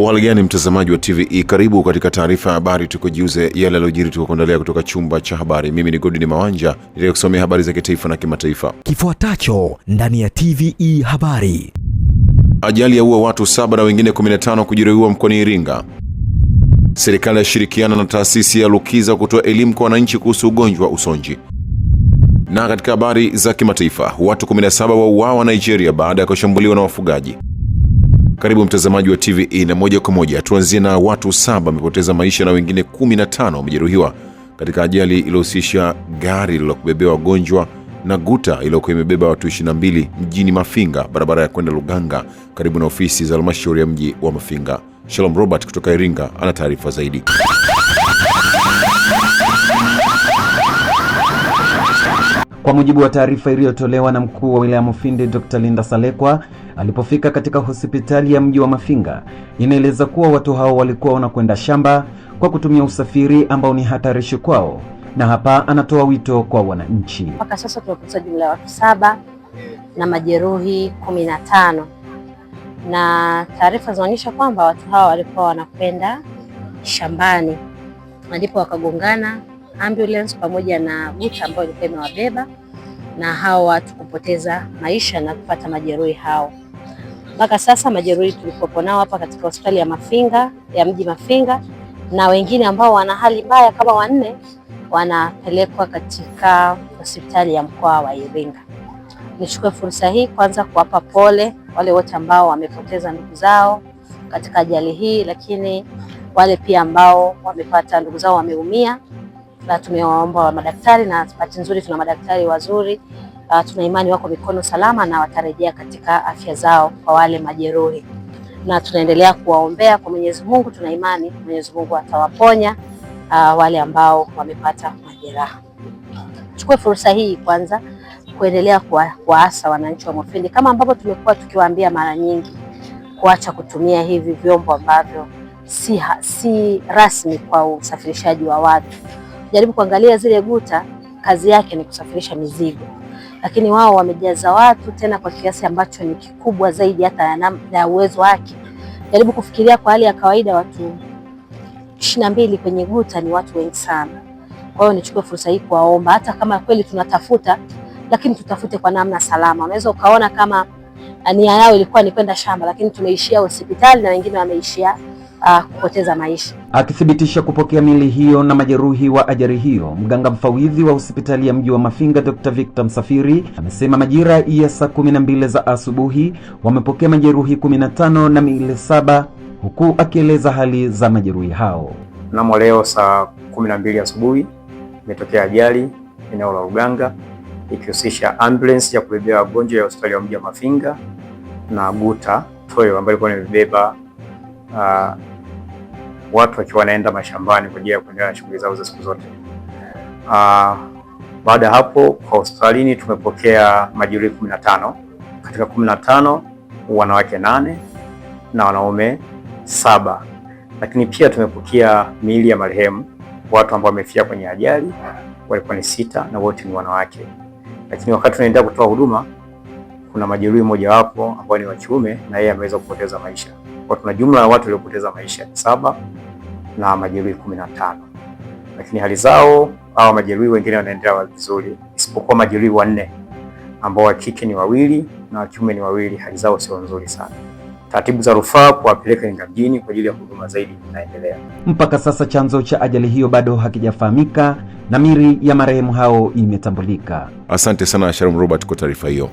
uhalgani mtazamaji wa TVE, karibu katika taarifa ya habari, tukujuze yale yaliyojiri, tukakuandalia kutoka chumba cha habari. Mimi ni Godini Mawanja niliyokusomea habari za kitaifa na kimataifa. Kifuatacho ndani ya TVE habari: ajali yaua watu saba na wengine 15 kujeruhiwa mkoani Iringa. Serikali yashirikiana na taasisi ya Lukiza kutoa elimu kwa wananchi kuhusu ugonjwa usonji. Na katika habari za kimataifa, watu 17 wauawa Nigeria baada ya kushambuliwa na wafugaji. Karibu mtazamaji wa TVE na moja kwa moja, tuanzie na watu saba wamepoteza maisha na wengine 15 wamejeruhiwa katika ajali iliyohusisha gari lilokubebea wagonjwa na guta iliyokuwa imebeba watu 22 mjini Mafinga, barabara ya kwenda Luganga, karibu na ofisi za halmashauri ya mji wa Mafinga. Shalom Robert kutoka Iringa ana taarifa zaidi. Kwa mujibu wa taarifa iliyotolewa na mkuu wa wilaya Mufindi Dr. Linda Salekwa, Alipofika katika hospitali ya mji wa Mafinga, inaeleza kuwa watu hao walikuwa wanakwenda shamba kwa kutumia usafiri ambao ni hatarishi kwao, na hapa anatoa wito kwa wananchi. Mpaka sasa tumepoteza jumla ya watu saba na majeruhi kumi na tano na taarifa zinaonyesha kwamba watu hao walikuwa wanakwenda shambani, ndipo wakagongana ambulance pamoja na bucha ambayo ilikuwa imewabeba na hao watu kupoteza maisha na kupata majeruhi hao. Mpaka sasa majeruhi tulikuwa nao hapa katika hospitali ya Mafinga ya mji Mafinga, na wengine ambao wana hali mbaya kama wanne wanapelekwa katika hospitali ya mkoa wa Iringa. Nichukue fursa hii kwanza kuwapa pole wale wote ambao wamepoteza ndugu zao katika ajali hii, lakini wale pia ambao wamepata ndugu zao wameumia, na tumewaomba madaktari, na bahati nzuri tuna madaktari wazuri uh, tuna imani wako mikono salama na watarejea katika afya zao, kwa wale majeruhi na tunaendelea kuwaombea kwa Mwenyezi Mungu. Tuna imani Mwenyezi Mungu atawaponya uh, wale ambao wamepata majeraha. Chukue fursa hii kwanza kuendelea kuwaasa wananchi wa Mufindi kama ambavyo tumekuwa tukiwaambia mara nyingi, kuacha kutumia hivi vyombo ambavyo si, si rasmi kwa usafirishaji wa watu. Jaribu kuangalia zile guta, kazi yake ni kusafirisha mizigo lakini wao wamejaza watu tena kwa kiasi ambacho ni kikubwa zaidi hata ya uwezo wake. Jaribu kufikiria kwa hali ya kawaida, watu ishirini na mbili kwenye guta ni watu wengi sana. Kwa hiyo nichukue fursa hii kuwaomba, hata kama kweli tunatafuta, lakini tutafute kwa namna salama. Unaweza ukaona kama eh, nia yao ilikuwa ni kwenda shamba, lakini tumeishia hospitali na wengine wameishia uh, kupoteza maisha. Akithibitisha kupokea mili hiyo na majeruhi wa ajali hiyo, mganga mfawidhi wa hospitali ya mji wa Mafinga Dr. Victor Msafiri amesema majira ya saa kumi na mbili za asubuhi wamepokea majeruhi 15 na mili na miili saba huku akieleza hali za majeruhi hao. Mnamo leo saa kumi na mbili asubuhi imetokea ajali eneo la Uganga ikihusisha ambulance ya kubebea wagonjwa ya hospitali ya mji wa Mafinga na guta toyo ambayo ilikuwa imebeba uh, watu wakiwa wanaenda mashambani kwa ajili ya kuendelea na shughuli zao za siku zote. Uh, baada ya hapo kwa hospitalini tumepokea majeruhi kumi na tano. Katika kumi na tano wanawake nane na wanaume saba, lakini pia tumepokea miili ya marehemu watu ambao wamefia kwenye ajali walikuwa ni sita na wote ni wanawake. Lakini wakati tunaendelea kutoa huduma, kuna majeruhi mojawapo ambao ni wa kiume na yeye ameweza kupoteza maisha. Kwa tuna jumla ya watu waliopoteza maisha saba na majeruhi kumi na tano, lakini hali zao hawa majeruhi wengine wanaendelea vizuri isipokuwa majeruhi wanne ambao wa kike ni wawili na wa kiume ni wawili, hali zao sio nzuri sana. Taratibu za rufaa kuwapeleka Iringa mjini kwa ajili ya huduma zaidi inaendelea. Mpaka sasa chanzo cha ajali hiyo bado hakijafahamika na mili ya marehemu hao imetambulika. Asante sana Sharon Robert kwa taarifa hiyo.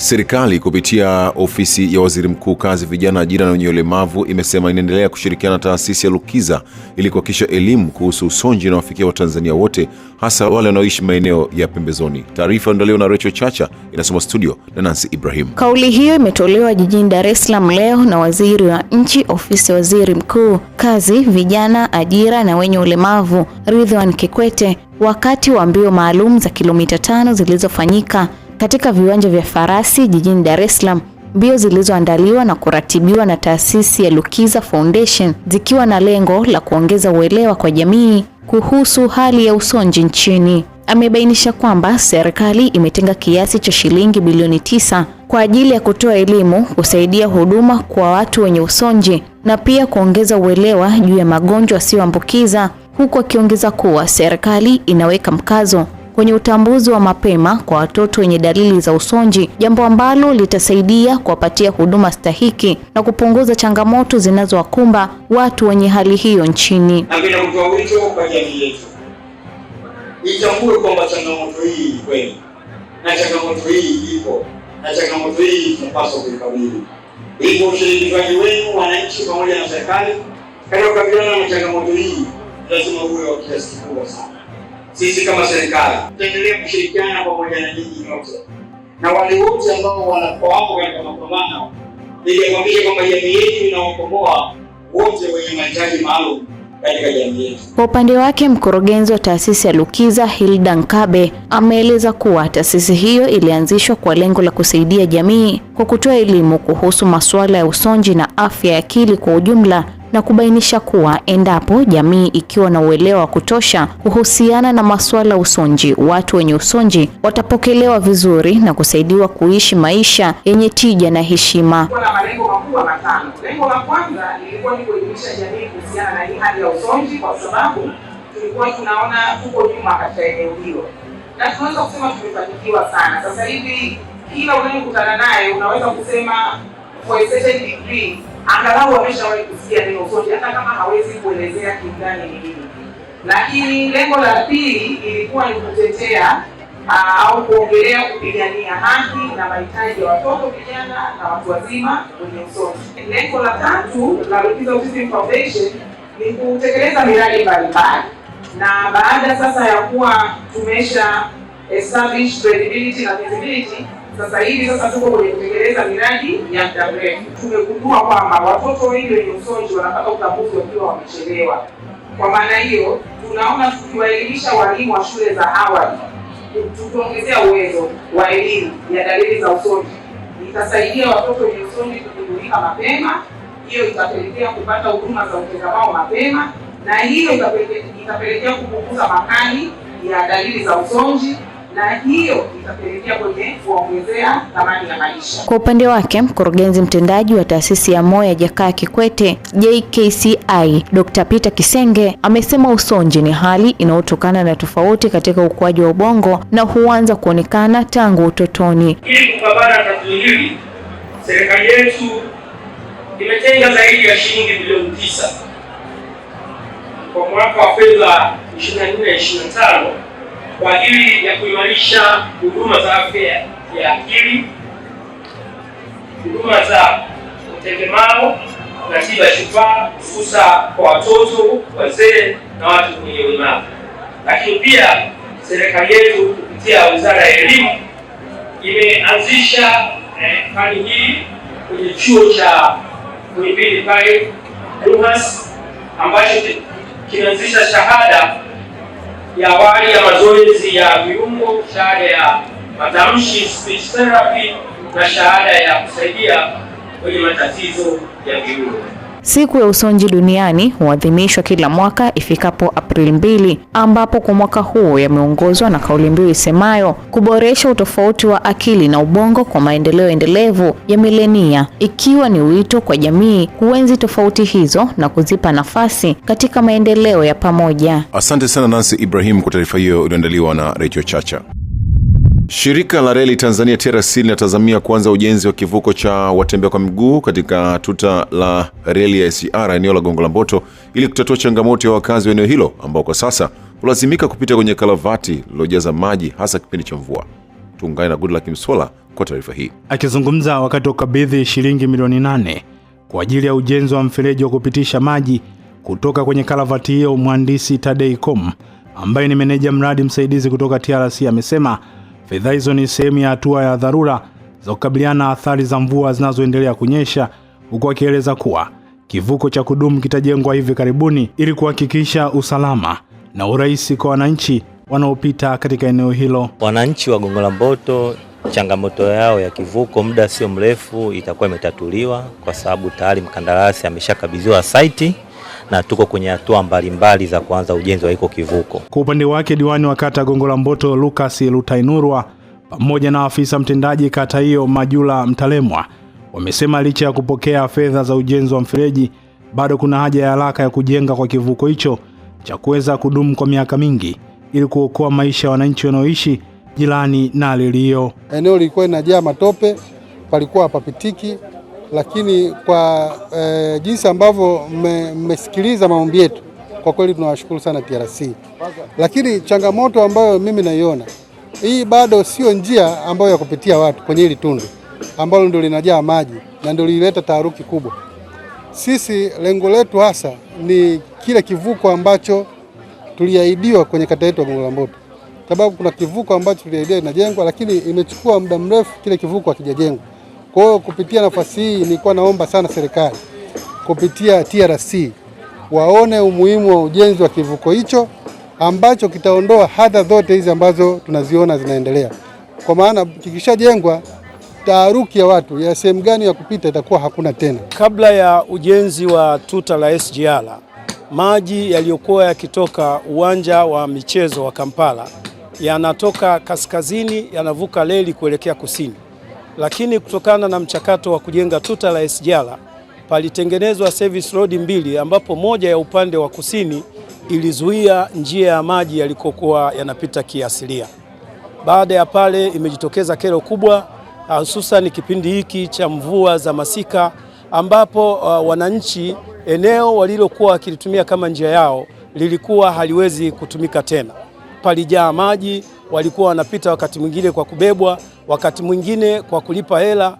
Serikali kupitia ofisi ya waziri mkuu kazi, vijana, ajira na wenye ulemavu imesema inaendelea kushirikiana na taasisi ya Lukiza ili kuhakikisha elimu kuhusu usonji inawafikia Watanzania wote, hasa wale wanaoishi maeneo ya pembezoni. Taarifa andaliwa na Recho Chacha, inasoma studio na Nancy Ibrahim. Kauli hiyo imetolewa jijini Dar es Salaam leo na waziri wa nchi ofisi ya waziri mkuu kazi, vijana, ajira na wenye ulemavu Ridhwan Kikwete wakati wa mbio maalum za kilomita tano zilizofanyika katika viwanja vya farasi jijini Dar es Salaam, mbio zilizoandaliwa na kuratibiwa na taasisi ya Lukiza Foundation zikiwa na lengo la kuongeza uelewa kwa jamii kuhusu hali ya usonji nchini. Amebainisha kwamba serikali imetenga kiasi cha shilingi bilioni tisa kwa ajili ya kutoa elimu, kusaidia huduma kwa watu wenye usonji na pia kuongeza uelewa juu ya magonjwa yasiyoambukiza, huku akiongeza kuwa serikali inaweka mkazo kwenye utambuzi wa mapema kwa watoto wenye dalili za usonji, jambo ambalo litasaidia kuwapatia huduma stahiki na kupunguza changamoto zinazowakumba watu wenye hali hiyo nchini. Napenda kutoa wito kwa jamii yetu itambue kwamba changamoto hii kweli na changamoto hii ipo na changamoto hii tunapaswa kuikabili. ipo ushirikishwaji wenu wananchi pamoja na serikali katika kukabiliana na changamoto hii lazima uwe wa kiasi kikubwa sana sisi kama serikali tutaendelea kushirikiana pamoja na nyinyi nyote na wale wote ambao wako katika mapambano nijakwambisha kwamba jamii yetu inaokomboa wote wenye mahitaji maalum katika jamii yetu. Kwa upande wake, mkurugenzi wa taasisi ya Lukiza Hilda Nkabe ameeleza kuwa taasisi hiyo ilianzishwa kwa lengo la kusaidia jamii kwa kutoa elimu kuhusu masuala ya usonji na afya ya akili kwa ujumla na kubainisha kuwa endapo jamii ikiwa na uelewa wa kutosha kuhusiana na masuala usonji, watu wenye usonji watapokelewa vizuri na kusaidiwa kuishi maisha yenye tija na heshima. Kuna malengo makubwa matano. Lengo la kwanza lilikuwa ni kuelimisha jamii kuhusiana na hii hali ya usonji, kwa sababu tulikuwa tunaona huko nyuma katika eneo hilo, na tunaweza kusema tumefanikiwa sana. Sasa hivi kila unayekutana naye unaweza kusema kwa a degree angalau wameshawahi kusikia neno sote, hata kama hawezi kuelezea kiundani ni nini. Lakini lengo la pili ilikuwa ni kutetea ah, au kuongelea kupigania haki na mahitaji ya watoto, vijana na watu wazima wenye usonji. Lengo la tatu la Lukiza Autism Foundation ni kutekeleza miradi mbalimbali, na baada sasa ya kuwa tumesha establish credibility na visibility sasa hivi sasa tuko kwenye kutekeleza miradi ya muda mrefu. Tumegundua kwamba watoto wengi wenye usonji wanapata utambuzi wakiwa wamechelewa. Kwa maana hiyo, tunaona tukiwaelimisha walimu wa shule za awali, tukiongezea uwezo wa elimu ya dalili za usonji, itasaidia watoto wenye usonji kugundulika mapema. Hiyo itapelekea kupata huduma za utengamao mapema, na hiyo itapelekea kupunguza makali ya dalili za usonji na hiyo itapelekea kwenye kuongezea thamani ya maisha. Kwa upande wake, mkurugenzi mtendaji wa taasisi ya moyo ya Jakaya Kikwete JKCI Dr. Peter Kisenge amesema usonji ni hali inayotokana na tofauti katika ukuaji wa ubongo na huanza kuonekana tangu utotoni. Ili kupambana na tatizo hili, serikali yetu imetenga zaidi ya shilingi bilioni tisa kwa mwaka wa fedha 24 25 kwa ajili ya kuimarisha huduma za afya ya akili, huduma za utengemao na tiba shufaa, hususa kwa watoto, wazee na watu wenye ulemavu. Lakini pia serikali yetu kupitia Wizara ya Elimu imeanzisha eh, fani hii kwenye chuo cha Muhimbili pale UMAS ambacho kinaanzisha shahada ya awali ya mazoezi ya viungo, shahada ya matamshi speech therapy na shahada ya kusaidia kwenye matatizo ya viungo. Siku ya Usonji Duniani huadhimishwa kila mwaka ifikapo Aprili mbili, ambapo kwa mwaka huo yameongozwa na kauli mbiu isemayo kuboresha utofauti wa akili na ubongo kwa maendeleo endelevu ya milenia, ikiwa ni wito kwa jamii kuenzi tofauti hizo na kuzipa nafasi katika maendeleo ya pamoja. Asante sana Nancy Ibrahim kwa taarifa hiyo iliyoandaliwa na Radio Chacha. Shirika la reli Tanzania TRC linatazamia kuanza ujenzi wa kivuko cha watembea kwa miguu katika tuta la reli ya SGR eneo la Gongo la Mboto ili kutatua changamoto ya wakazi wa eneo hilo ambao kwa sasa hulazimika kupita kwenye kalavati lililojaza maji hasa kipindi cha mvua. Tuungane na Goodluck Msola kwa taarifa hii. Akizungumza wakati wa ukabidhi shilingi milioni nane kwa ajili ya ujenzi wa mfereji wa kupitisha maji kutoka kwenye kalavati hiyo, mhandisi Tadei Kom ambaye ni meneja mradi msaidizi kutoka TRC amesema Fedha hizo ni sehemu ya hatua ya dharura za kukabiliana na athari za mvua zinazoendelea kunyesha, huku akieleza kuwa kivuko cha kudumu kitajengwa hivi karibuni ili kuhakikisha usalama na urahisi kwa wananchi wanaopita katika eneo hilo. Wananchi wa Gongo la Mboto, changamoto yao ya kivuko muda sio mrefu itakuwa imetatuliwa, kwa sababu tayari mkandarasi ameshakabidhiwa saiti na tuko kwenye hatua mbalimbali za kuanza ujenzi wa hiko kivuko. Kwa upande wake, diwani wa kata Gongo la Mboto Lucas Lutainurwa pamoja na afisa mtendaji kata hiyo Majula Mtalemwa wamesema licha ya kupokea fedha za ujenzi wa mfereji bado kuna haja ya haraka ya kujenga kwa kivuko hicho cha kuweza kudumu kwa miaka mingi ili kuokoa maisha ya wananchi wanaoishi jirani na lilio eneo. Lilikuwa linajaa matope, palikuwa hapapitiki lakini kwa e, jinsi ambavyo mmesikiliza maombi yetu, kwa kweli tunawashukuru sana TRC. Lakini changamoto ambayo mimi naiona hii, bado sio njia ambayo ya kupitia watu kwenye hili tundu ambalo ndio linajaa maji na ndio lileta taharuki kubwa. Sisi lengo letu hasa ni kile kivuko ambacho tuliahidiwa kwenye kata yetu ya Gongo la Mboto, sababu kuna kivuko ambacho tuliahidiwa inajengwa, lakini imechukua muda mrefu, kile kivuko hakijajengwa. Kwa hiyo kupitia nafasi hii nilikuwa naomba sana serikali kupitia TRC waone umuhimu wa ujenzi wa kivuko hicho ambacho kitaondoa hadha zote hizi ambazo tunaziona zinaendelea, kwa maana kikishajengwa taharuki ya watu ya sehemu gani ya kupita itakuwa hakuna tena. Kabla ya ujenzi wa tuta la SGR, maji yaliyokuwa yakitoka uwanja wa michezo wa Kampala yanatoka kaskazini, yanavuka reli kuelekea kusini lakini kutokana na mchakato wa kujenga tuta la SGR palitengenezwa service road mbili, ambapo moja ya upande wa kusini ilizuia njia ya maji yalikokuwa yanapita kiasilia. Baada ya pale, imejitokeza kero kubwa, hususan kipindi hiki cha mvua za masika, ambapo uh, wananchi eneo walilokuwa wakilitumia kama njia yao lilikuwa haliwezi kutumika tena, palijaa maji walikuwa wanapita wakati mwingine kwa kubebwa, wakati mwingine kwa kulipa hela.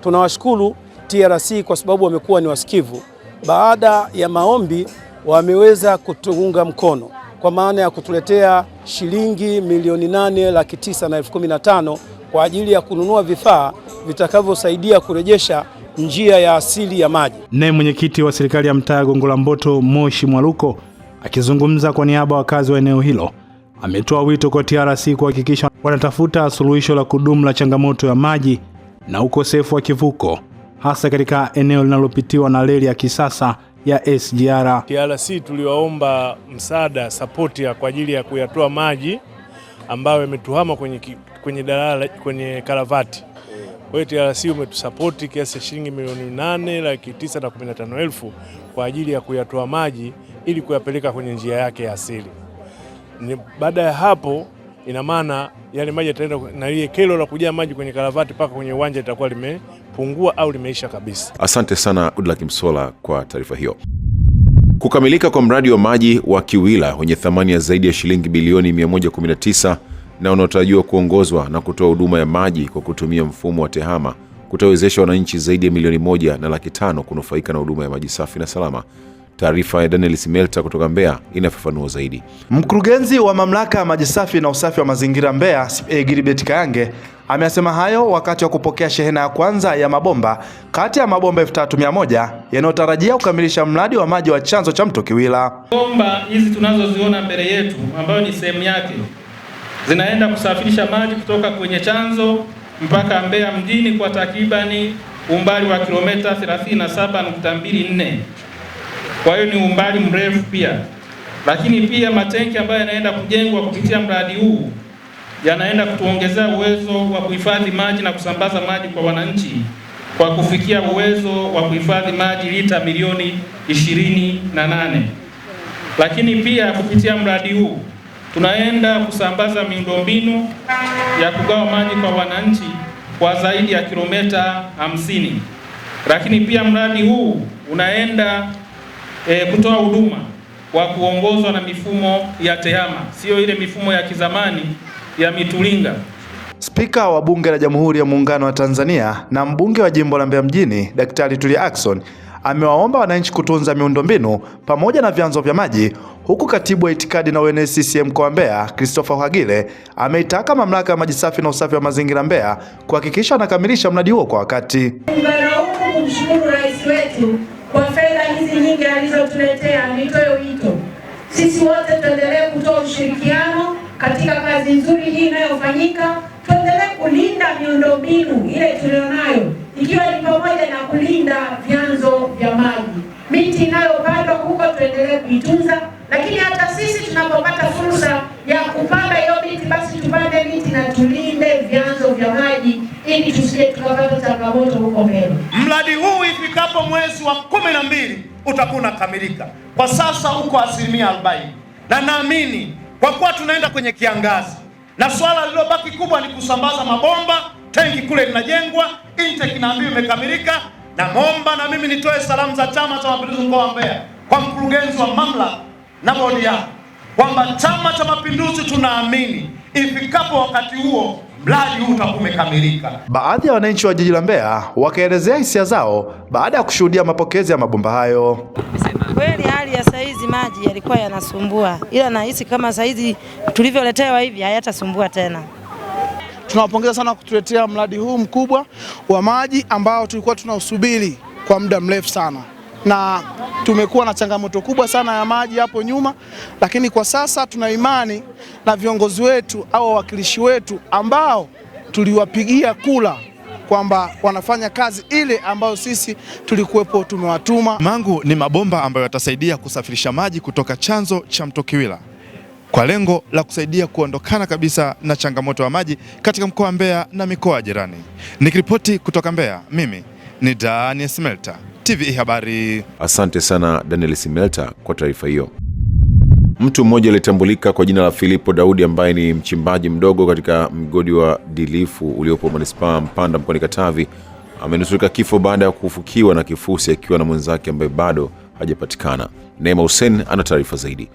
Tunawashukuru TRC kwa sababu wamekuwa ni wasikivu. Baada ya maombi, wameweza kutuunga mkono kwa maana ya kutuletea shilingi milioni nane laki tisa na elfu kumi na tano kwa ajili ya kununua vifaa vitakavyosaidia kurejesha njia ya asili ya maji. Naye mwenyekiti wa serikali ya mtaa ya Gongo la Mboto Moshi Mwaluko akizungumza kwa niaba ya wakazi wa eneo hilo ametoa wito kwa TRC kuhakikisha wanatafuta suluhisho la kudumu la changamoto ya maji na ukosefu wa kivuko hasa katika eneo linalopitiwa na reli ya kisasa ya SGR. TRC tuliwaomba msaada sapoti kwa ajili ya kuyatoa maji ambayo yametuhama kwenye, kwenye dalala kwenye karavati. Kwa hiyo TRC umetusapoti kiasi cha shilingi milioni nane laki tisa na kumi na tano elfu kwa ajili ya kuyatoa maji ili kuyapeleka kwenye njia yake ya asili. Baada ya hapo, ina maana yale maji yataenda na ile kero la kujaa maji kwenye karavati mpaka kwenye uwanja itakuwa limepungua au limeisha kabisa. Asante sana Goodluck msola kwa taarifa hiyo. Kukamilika kwa mradi wa maji wa Kiwila wenye thamani ya zaidi ya shilingi bilioni 119 na unaotarajiwa kuongozwa na kutoa huduma ya maji kwa kutumia mfumo wa TEHAMA kutawezesha wananchi zaidi ya milioni moja na laki tano kunufaika na huduma ya maji safi na salama. Taarifa ya Daniel Simelta kutoka Mbeya inafafanua zaidi. Mkurugenzi wa mamlaka ya maji safi na usafi wa mazingira Mbeya, giribet eh, Gilbert Kayange amesema hayo wakati wa kupokea shehena ya kwanza ya mabomba kati ya mabomba 3100 yanayotarajia kukamilisha mradi wa maji wa chanzo cha mto Kiwila. Bomba hizi tunazoziona mbele yetu ambayo ni sehemu yake zinaenda kusafirisha maji kutoka kwenye chanzo mpaka Mbeya mjini kwa takribani umbali wa kilomita 37.24 kwa hiyo ni umbali mrefu pia. Lakini pia matenki ambayo yanaenda kujengwa kupitia mradi huu yanaenda kutuongezea uwezo wa kuhifadhi maji na kusambaza maji kwa wananchi kwa kufikia uwezo wa kuhifadhi maji lita milioni ishirini na nane. Lakini pia kupitia mradi huu tunaenda kusambaza miundombinu ya kugawa maji kwa wananchi kwa zaidi ya kilomita hamsini. Lakini pia mradi huu unaenda e, kutoa huduma wa kuongozwa na mifumo ya tehama, siyo ile mifumo ya kizamani ya mitulinga. Spika wa Bunge la Jamhuri ya Muungano wa Tanzania na mbunge wa jimbo la Mbeya Mjini, Daktari Tulia Ackson amewaomba wananchi kutunza miundombinu pamoja na vyanzo vya maji, huku katibu wa itikadi na uenezi CCM mkoa wa Mbeya Christopher Uhagile ameitaka mamlaka ya maji safi na usafi wa mazingira Mbeya kuhakikisha anakamilisha mradi huo kwa wakati. Mbarauku kumshukuru rais wetu kwa nyingi alizotuletea, nitoe wito, sisi wote tuendelee kutoa ushirikiano katika kazi nzuri hii inayofanyika. Tuendelee kulinda miundombinu ile tulionayo, ikiwa ni pamoja na kulinda vyanzo vya maji, miti inayopandwa huko tuendelee kuitunza, lakini hata sisi tunapopata fursa ya kupanda hiyo miti, basi tupande miti na tulinde vyanzo vya maji ili tusije tukapata changamoto huko mbele. Mradi huu ifikapo mwezi wa kumi na mbili utakuwa unakamilika. Kwa sasa uko asilimia arobaini, na naamini kwa kuwa tunaenda kwenye kiangazi na swala lililobaki kubwa ni kusambaza mabomba. Tenki kule linajengwa, intake naambiwa imekamilika. momba na mimi nitoe salamu za Chama cha Mapinduzi mkoa wa Mbeya kwa mkurugenzi wa mamlaka na bodi yao kwamba Chama cha Mapinduzi tunaamini ifikapo wakati huo mradi huu utakuwa umekamilika. Baadhi ya wananchi wa jiji la Mbeya wakaelezea hisia zao baada ya kushuhudia mapokezi ya mabomba hayo. Kweli hali ya saizi maji yalikuwa yanasumbua, ila nahisi kama saizi tulivyoletewa hivi hayatasumbua tena. Tunawapongeza sana kutuletea mradi huu mkubwa wa maji ambao tulikuwa tunausubiri kwa muda mrefu sana na tumekuwa na changamoto kubwa sana ya maji hapo nyuma, lakini kwa sasa tuna imani na viongozi wetu au wawakilishi wetu ambao tuliwapigia kula kwamba wanafanya kazi ile ambayo sisi tulikuwepo tumewatuma. Mangu ni mabomba ambayo yatasaidia kusafirisha maji kutoka chanzo cha Mto Kiwila kwa lengo la kusaidia kuondokana kabisa na changamoto ya maji katika mkoa wa Mbeya na mikoa jirani. Nikiripoti kutoka Mbeya, mimi ni Daniel Smelta. TV Habari. Asante sana Daniel Simelta kwa taarifa hiyo. Mtu mmoja aliyetambulika kwa jina la Filipo Daudi ambaye ni mchimbaji mdogo katika mgodi wa Dilifu uliopo manispaa Mpanda mkoani Katavi amenusurika kifo baada ya kufukiwa na kifusi akiwa na mwenzake ambaye bado hajapatikana. Neema Hussein ana taarifa zaidi.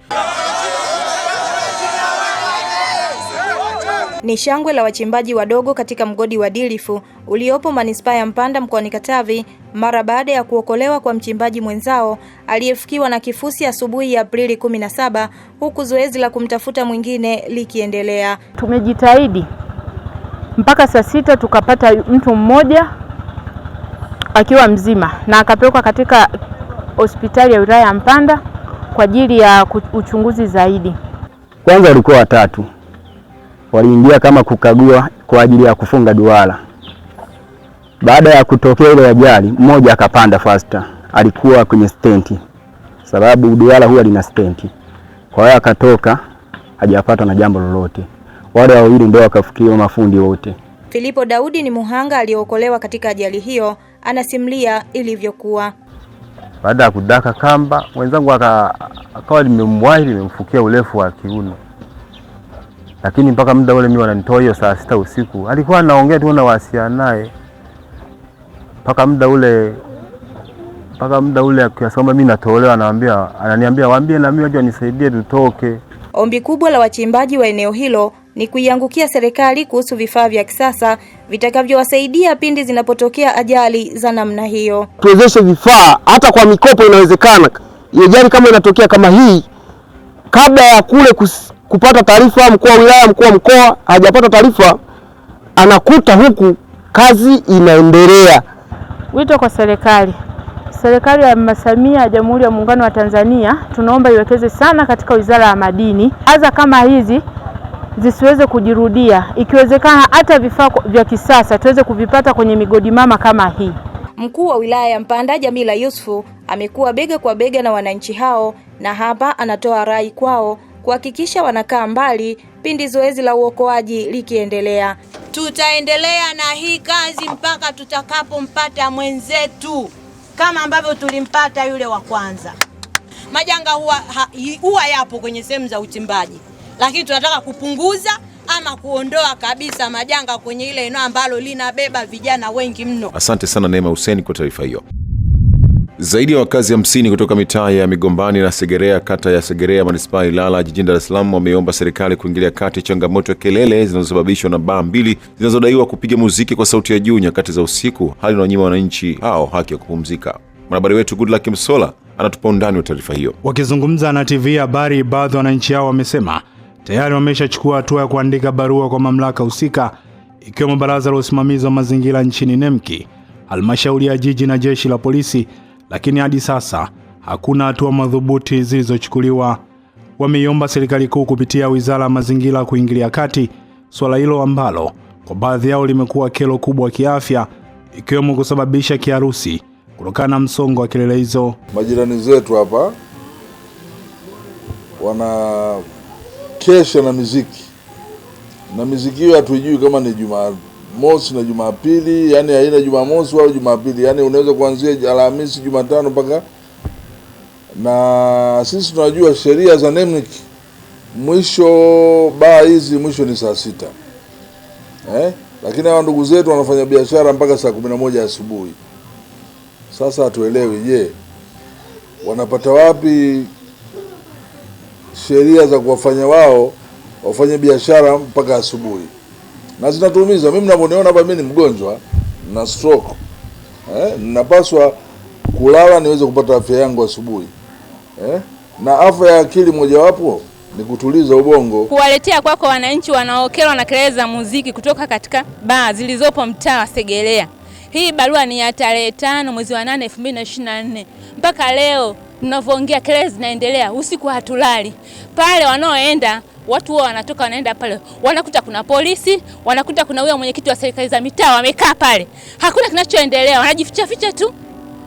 Ni shangwe la wachimbaji wadogo katika mgodi wa Dilifu uliopo manispaa ya Mpanda mkoani Katavi mara baada ya kuokolewa kwa mchimbaji mwenzao aliyefikiwa na kifusi asubuhi ya Aprili 17 huku zoezi la kumtafuta mwingine likiendelea. Tumejitahidi mpaka saa sita tukapata mtu mmoja akiwa mzima na akapelekwa katika hospitali ya wilaya ya Mpanda kwa ajili ya uchunguzi zaidi. Kwanza walikuwa watatu waliingia kama kukagua kwa ajili ya kufunga duara. Baada ya kutokea ile ajali, mmoja akapanda faster, alikuwa kwenye stenti, sababu duara huwa lina stenti. Kwa hiyo akatoka hajapata na jambo lolote. Wale wawili ndio wakafikiriwa mafundi wote. Filipo Daudi ni muhanga aliyeokolewa katika ajali hiyo, anasimulia ilivyokuwa. Baada ya kudaka kamba, mwenzangu akawa limemwahi limemfukia urefu wa kiuno lakini mpaka muda ule mimi wananitoa hiyo saa sita usiku, alikuwa anaongea tu na wasiliana naye mpaka muda ule mpaka muda ule akiasoma mimi natolewa, anaambia ananiambia waambie na mimi waje nisaidie tutoke. Ombi kubwa la wachimbaji wa eneo hilo ni kuiangukia serikali kuhusu vifaa vya kisasa vitakavyowasaidia pindi zinapotokea ajali za namna hiyo. Tuwezeshe vifaa hata kwa mikopo, inawezekana hiyo ajali kama inatokea kama hii, kabla ya kule kusi, kupata taarifa, mkuu wa wilaya, mkuu wa mkoa hajapata taarifa, anakuta huku kazi inaendelea. Wito kwa serikali Serikali ya Mama Samia ya Jamhuri ya Muungano wa Tanzania tunaomba iwekeze sana katika wizara ya madini, hasa kama hizi zisiweze kujirudia, ikiwezekana hata vifaa vya kisasa tuweze kuvipata kwenye migodi mama kama hii. Mkuu wa wilaya ya Mpanda Jamila Yusufu amekuwa bega kwa bega na wananchi hao, na hapa anatoa rai kwao kuhakikisha wanakaa mbali pindi zoezi la uokoaji likiendelea. Tutaendelea na hii kazi mpaka tutakapompata mwenzetu kama ambavyo tulimpata yule wa kwanza. Majanga huwa, huwa yapo kwenye sehemu za uchimbaji, lakini tunataka kupunguza ama kuondoa kabisa majanga kwenye ile eneo ambalo linabeba vijana wengi mno. Asante sana Neema Hussein kwa taarifa hiyo. Zaidi ya wakazi hamsini kutoka mitaa ya Migombani na Segerea, kata ya Segerea, manispaa ya Ilala, jijini Dar es Salaam wameomba serikali kuingilia kati changamoto ya kelele zinazosababishwa na baa mbili zinazodaiwa kupiga muziki kwa sauti ya juu nyakati za usiku, hali inaonyima wananchi hao haki ya kupumzika. Mwanahabari wetu Goodluck Msola anatupa undani wa taarifa hiyo. Wakizungumza na TV Habari, baadhi ya wananchi hao wamesema tayari wameshachukua hatua ya kuandika barua kwa mamlaka husika, ikiwemo Baraza la Usimamizi wa Mazingira nchini NEMKI, Halmashauri ya Jiji na Jeshi la Polisi lakini hadi sasa hakuna hatua madhubuti zilizochukuliwa. Wameiomba serikali kuu kupitia wizara ya mazingira kuingilia kati suala hilo ambalo kwa baadhi yao limekuwa kero kubwa kiafya, ikiwemo kusababisha kiharusi kutokana na msongo wa kelele hizo. Majirani zetu hapa wana kesha na miziki na miziki hiyo hatuijui kama ni Jumaa mosi na Jumapili, yani haina Jumamosi wala Jumapili, yani unaweza kuanzia Alhamisi, Jumatano mpaka na sisi tunajua sheria za NEMC, mwisho baa hizi mwisho ni saa sita eh? Lakini hawa ndugu zetu wanafanya biashara mpaka saa kumi na moja asubuhi. Sasa hatuelewi, je, wanapata wapi sheria za kuwafanya wao wafanye biashara mpaka asubuhi? na zinatuumiza. Mimi ninavyoniona hapa, mimi ni mgonjwa na stroke eh, ninapaswa kulala niweze kupata afya yangu asubuhi eh? na afya ya akili mojawapo ni kutuliza ubongo. Kuwaletea kwako wananchi wanaokelwa na kelele za muziki kutoka katika baa zilizopo mtaa wa Segerea. Hii barua ni ya tarehe tano mwezi wa nane elfu mbili na ishirini na nne mpaka leo tunavyoongea kelele zinaendelea, usiku hatulali pale wanaoenda watu wao wanatoka wanaenda pale, wanakuta kuna polisi, wanakuta kuna huyo mwenyekiti wa serikali za mitaa wamekaa pale, hakuna kinachoendelea, wanajificha ficha tu.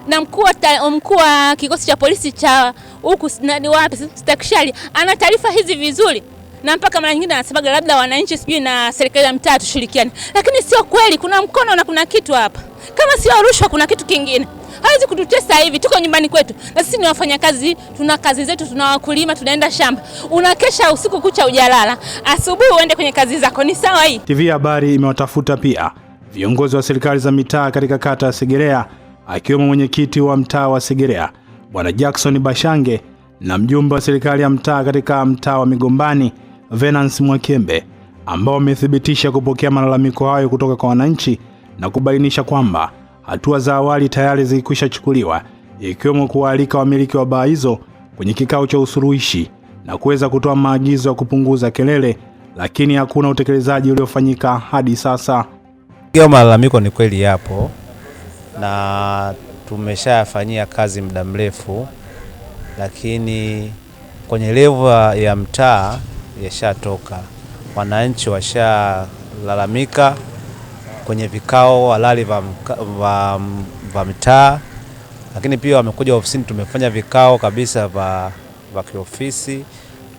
Na mkuu wa kikosi cha polisi cha huku ni wapi Stakishari ana taarifa hizi vizuri, na mpaka mara nyingine anasemaga labda wananchi sijui na serikali ya mtaa tushirikiane, lakini sio kweli. Kuna mkono na kuna kitu hapa, kama sio rushwa, kuna kitu kingine hawezi kututesa hivi. Tuko nyumbani kwetu, na sisi ni wafanyakazi, tuna kazi zetu, tuna wakulima, tunaenda shamba. Unakesha usiku kucha, ujalala, asubuhi uende kwenye kazi zako, ni sawa? Hii TV Habari imewatafuta pia viongozi wa serikali za mitaa katika kata ya Segerea, akiwemo mwenyekiti wa mtaa wa Segerea Bwana Jackson Bashange na mjumbe wa serikali ya mtaa katika mtaa wa Migombani Venance Mwakembe ambao wamethibitisha kupokea malalamiko hayo kutoka kwa wananchi na kubainisha kwamba hatua za awali tayari zilikwisha chukuliwa ikiwemo kuwaalika wamiliki wa baa hizo kwenye kikao cha usuluhishi na kuweza kutoa maagizo ya kupunguza kelele, lakini hakuna utekelezaji uliofanyika hadi sasa. Hiyo malalamiko ni kweli yapo na tumeshayafanyia kazi muda mrefu, lakini kwenye levo ya mtaa yashatoka, wananchi washalalamika kwenye vikao walali vya mitaa, lakini pia wamekuja ofisini. Tumefanya vikao kabisa vya kiofisi,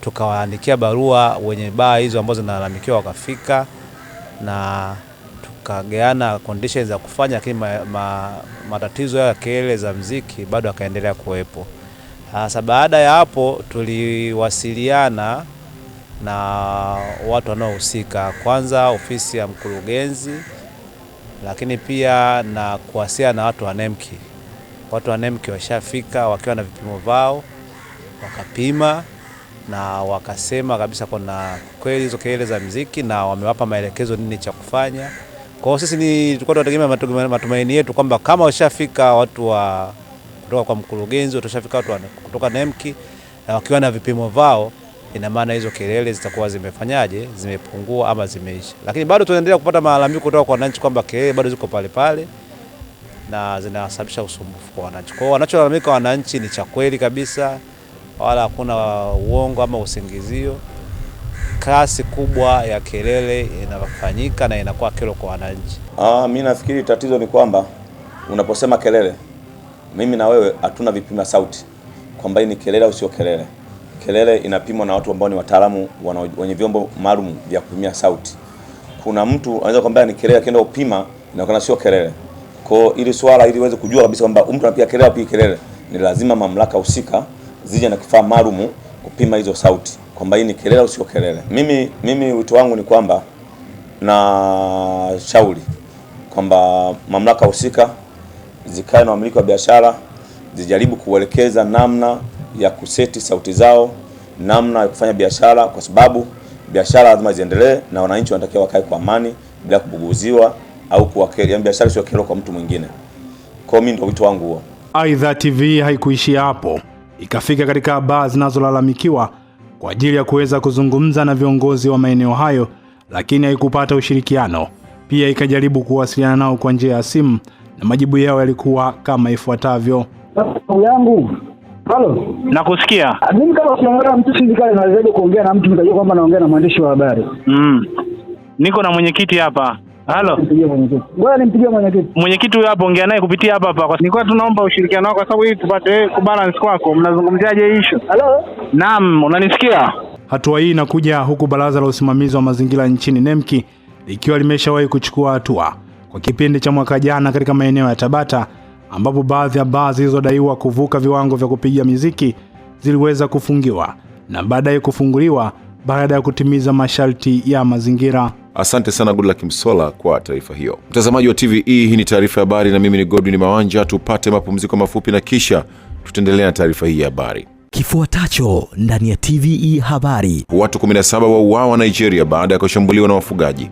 tukawaandikia barua wenye baa hizo ambazo zinalalamikiwa, wakafika na tukageana conditions za kufanya, lakini ma, ma, matatizo ya kelele za mziki bado akaendelea kuwepo. Sasa baada ya hapo tuliwasiliana na watu wanaohusika, kwanza ofisi ya mkurugenzi lakini pia na kuwasia na watu wa nemki. Watu wa nemki washafika wakiwa na vipimo vao, wakapima na wakasema kabisa kuna kweli hizo kelele za mziki na wamewapa maelekezo nini cha kufanya. Kwa sisi ni tulikuwa tunategemea matumaini yetu kwamba kama washafika watu wa kutoka kwa mkurugenzi, watashafika watu wa kutoka nemki na wakiwa na vipimo vao ina maana hizo kelele zitakuwa zimefanyaje, zimepungua ama zimeisha. Lakini bado tunaendelea kupata malalamiko kutoka kwa wananchi kwamba kelele bado ziko pale pale na zinasababisha usumbufu kwa wananchi. Kwa hiyo wanacholalamika wananchi ni cha kweli kabisa, wala hakuna uongo ama usingizio. Kasi kubwa ya kelele inafanyika na inakuwa kero kwa wananchi. Ah, mimi nafikiri tatizo ni kwamba unaposema kelele, mimi na wewe hatuna vipima sauti kwamba hii ni kelele au sio kelele kelele inapimwa na watu ambao ni wataalamu wenye vyombo maalum vya kupimia sauti. Kuna mtu anaweza kwambia ni kelele, akienda upima inaonekana sio kelele. Kwa hiyo ili swala ili uweze kujua kabisa kwamba mtu anapiga kelele au kelele, ni lazima mamlaka husika zije na kifaa maalum kupima hizo sauti kwamba hii ni kelele au sio kelele. Mimi mimi wito wangu ni kwamba na shauri kwamba mamlaka husika zikae na wamiliki wa biashara zijaribu kuelekeza namna ya kuseti sauti zao, namna ya kufanya biashara, kwa sababu biashara lazima ziendelee na wananchi wanatakiwa wakae kwa amani bila kubuguziwa au kuwakera. Biashara sio kero kwa mtu mwingine. Kwa mimi ndio wito wangu huo. Aidha, TV haikuishia hapo, ikafika katika baa zinazolalamikiwa kwa ajili ya kuweza kuzungumza na viongozi wa maeneo hayo, lakini haikupata ushirikiano. Pia ikajaribu kuwasiliana nao kwa njia ya simu na majibu yao yalikuwa kama ifuatavyo yangu Halo. Nakusikia. Mimi kama sijaongea mtu sisi kale nawezaje kuongea na mtu nikajua kwamba naongea na mwandishi wa habari. Mm. Niko na mwenyekiti hapa. Halo. Ngoja nimpigie mwenyekiti. Mwenyekiti huyo hapo, ongea naye kupitia hapa hapa. Nilikuwa tunaomba ushirikiano wako kwa sababu hii tupate kubalance kwako. Mnazungumziaje issue? Halo. Naam, unanisikia? Hatua hii inakuja huku Baraza la Usimamizi wa Mazingira nchini NEMKI likiwa limeshawahi kuchukua hatua kwa kipindi cha mwaka jana katika maeneo ya Tabata ambapo baadhi ya baa zilizodaiwa kuvuka viwango vya kupiga miziki ziliweza kufungiwa na baadaye kufunguliwa baada ya kutimiza masharti ya mazingira. Asante sana Gudla Kimsola kwa taarifa hiyo. Mtazamaji wa TVE, hii ni taarifa ya habari na mimi ni Godwin Mawanja. Tupate mapumziko mafupi na kisha tutaendelea na taarifa hii ya habari. Kifuatacho ndani ya TVE habari: watu 17 wauawa Nigeria baada ya kushambuliwa na wafugaji.